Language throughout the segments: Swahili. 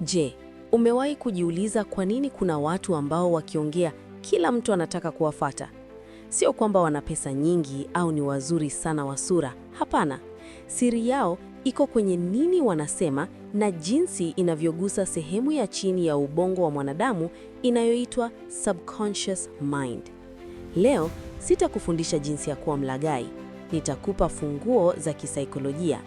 Je, umewahi kujiuliza kwa nini kuna watu ambao wakiongea kila mtu anataka kuwafata? Sio kwamba wana pesa nyingi au ni wazuri sana wa sura. Hapana, siri yao iko kwenye nini wanasema na jinsi inavyogusa sehemu ya chini ya ubongo wa mwanadamu inayoitwa subconscious mind. Leo sitakufundisha jinsi ya kuwa mlagai nitakupa funguo za kisaikolojia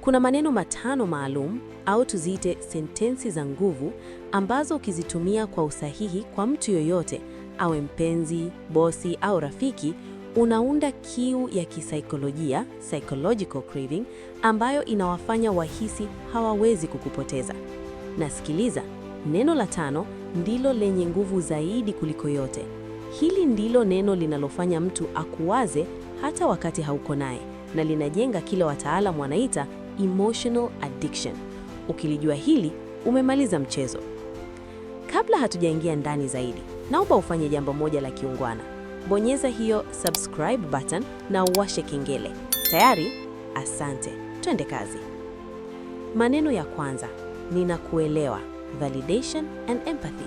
kuna maneno matano maalum au tuziite sentensi za nguvu ambazo ukizitumia kwa usahihi kwa mtu yoyote, awe mpenzi, bosi au rafiki, unaunda kiu ya kisaikolojia, psychological craving, ambayo inawafanya wahisi hawawezi kukupoteza. nasikiliza neno la tano ndilo lenye nguvu zaidi kuliko yote. Hili ndilo neno linalofanya mtu akuwaze hata wakati hauko naye na linajenga kile wataalamu wanaita emotional addiction. Ukilijua hili umemaliza mchezo. Kabla hatujaingia ndani zaidi, naomba ufanye jambo moja la kiungwana. Bonyeza hiyo subscribe button na uwashe kengele. Tayari? Asante, twende kazi. Maneno ya kwanza, ninakuelewa, validation and empathy.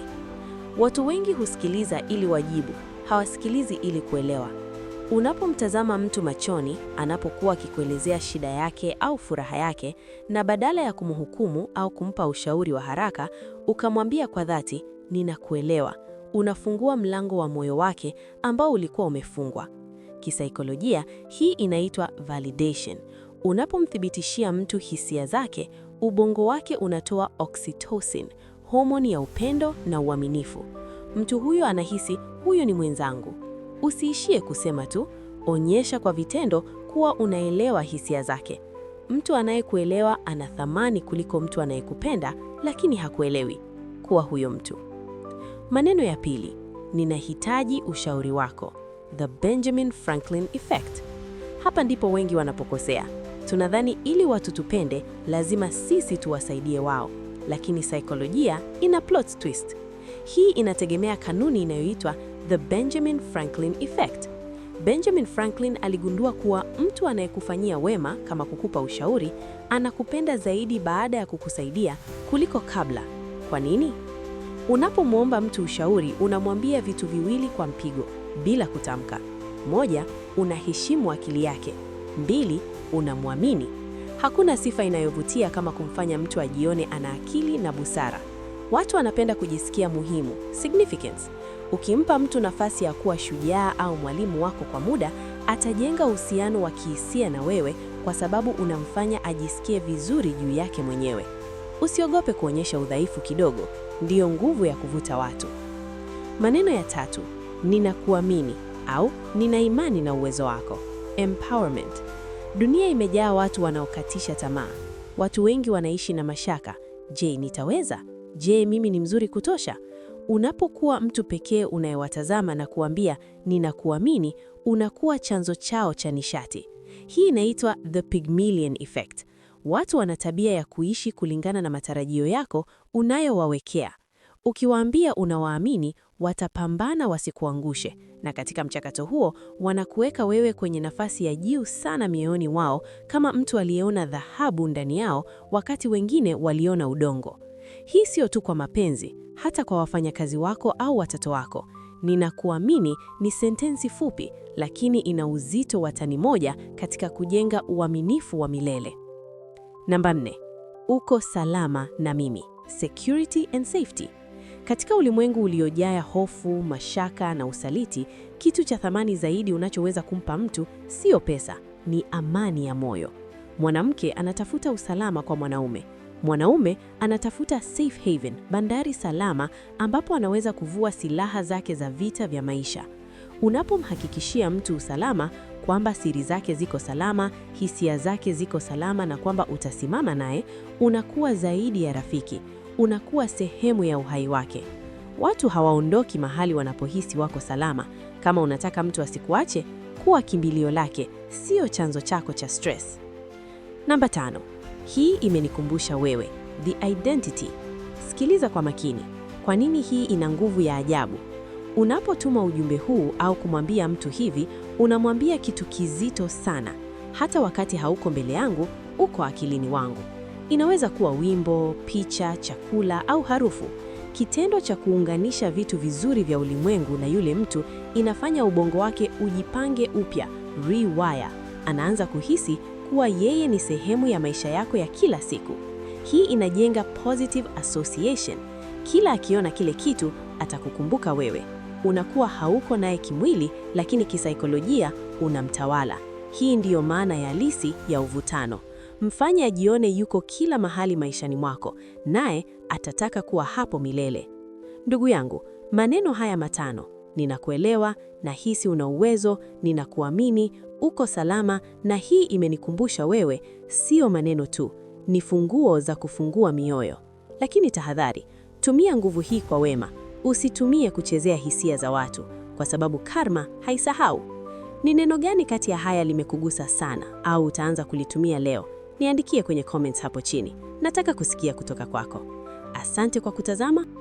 Watu wengi husikiliza ili wajibu, hawasikilizi ili kuelewa. Unapomtazama mtu machoni anapokuwa akikuelezea shida yake au furaha yake, na badala ya kumhukumu au kumpa ushauri wa haraka, ukamwambia kwa dhati, ninakuelewa, unafungua mlango wa moyo wake ambao ulikuwa umefungwa. Kisaikolojia, hii inaitwa validation. Unapomthibitishia mtu hisia zake, ubongo wake unatoa oxytocin, homoni ya upendo na uaminifu. Mtu huyo anahisi, huyo ni mwenzangu. Usiishie kusema tu, onyesha kwa vitendo kuwa unaelewa hisia zake. Mtu anayekuelewa ana thamani kuliko mtu anayekupenda lakini hakuelewi. Kuwa huyo mtu. Maneno ya pili, ninahitaji ushauri wako. The Benjamin Franklin Effect. Hapa ndipo wengi wanapokosea. Tunadhani ili watu tupende, lazima sisi tuwasaidie wao, lakini saikolojia ina plot twist. Hii inategemea kanuni inayoitwa The Benjamin Franklin Effect. Benjamin Franklin aligundua kuwa mtu anayekufanyia wema kama kukupa ushauri anakupenda zaidi baada ya kukusaidia kuliko kabla. Kwa nini? Unapomwomba mtu ushauri, unamwambia vitu viwili kwa mpigo bila kutamka. Moja, unaheshimu akili yake. Mbili, unamwamini. Hakuna sifa inayovutia kama kumfanya mtu ajione ana akili na busara. Watu wanapenda kujisikia muhimu, significance. Ukimpa mtu nafasi ya kuwa shujaa au mwalimu wako kwa muda, atajenga uhusiano wa kihisia na wewe kwa sababu unamfanya ajisikie vizuri juu yake mwenyewe. Usiogope kuonyesha udhaifu kidogo, ndiyo nguvu ya kuvuta watu. Maneno ya tatu, ninakuamini au nina imani na uwezo wako. Empowerment. Dunia imejaa watu wanaokatisha tamaa. Watu wengi wanaishi na mashaka. Je, nitaweza? Je, mimi ni mzuri kutosha? Unapokuwa mtu pekee unayewatazama na kuambia ninakuamini, unakuwa chanzo chao cha nishati. Hii inaitwa the Pygmalion effect. Watu wana tabia ya kuishi kulingana na matarajio yako unayowawekea. Ukiwaambia unawaamini, watapambana wasikuangushe, na katika mchakato huo wanakuweka wewe kwenye nafasi ya juu sana mioyoni wao, kama mtu aliyeona dhahabu ndani yao, wakati wengine waliona udongo. Hii sio tu kwa mapenzi, hata kwa wafanyakazi wako au watoto wako. Ninakuamini ni sentensi fupi, lakini ina uzito wa tani moja katika kujenga uaminifu wa milele. Namba nne, uko salama na mimi, security and safety. Katika ulimwengu uliojaa hofu, mashaka na usaliti, kitu cha thamani zaidi unachoweza kumpa mtu sio pesa, ni amani ya moyo. Mwanamke anatafuta usalama kwa mwanaume, Mwanaume anatafuta safe haven, bandari salama ambapo anaweza kuvua silaha zake za vita vya maisha. Unapomhakikishia mtu usalama kwamba siri zake ziko salama, hisia zake ziko salama na kwamba utasimama naye, unakuwa zaidi ya rafiki, unakuwa sehemu ya uhai wake. Watu hawaondoki mahali wanapohisi wako salama. Kama unataka mtu asikuache, kuwa kimbilio lake, sio chanzo chako cha stress. Namba tano. Hii imenikumbusha wewe, the identity. Sikiliza kwa makini. Kwa nini hii ina nguvu ya ajabu? Unapotuma ujumbe huu au kumwambia mtu hivi, unamwambia kitu kizito sana. Hata wakati hauko mbele yangu, uko akilini wangu. Inaweza kuwa wimbo, picha, chakula au harufu. Kitendo cha kuunganisha vitu vizuri vya ulimwengu na yule mtu inafanya ubongo wake ujipange upya, rewire. Anaanza kuhisi kuwa yeye ni sehemu ya maisha yako ya kila siku. Hii inajenga positive association. Kila akiona kile kitu atakukumbuka wewe. Unakuwa hauko naye kimwili, lakini kisaikolojia unamtawala. Hii ndiyo maana ya halisi ya uvutano. Mfanye ajione yuko kila mahali maishani mwako, naye atataka kuwa hapo milele. Ndugu yangu, maneno haya matano: ninakuelewa, nahisi una uwezo, ninakuamini, uko salama, na hii imenikumbusha wewe, sio maneno tu, ni funguo za kufungua mioyo. Lakini tahadhari, tumia nguvu hii kwa wema, usitumie kuchezea hisia za watu, kwa sababu karma haisahau. Ni neno gani kati ya haya limekugusa sana au utaanza kulitumia leo? Niandikie kwenye comments hapo chini. Nataka kusikia kutoka kwako. Asante kwa kutazama.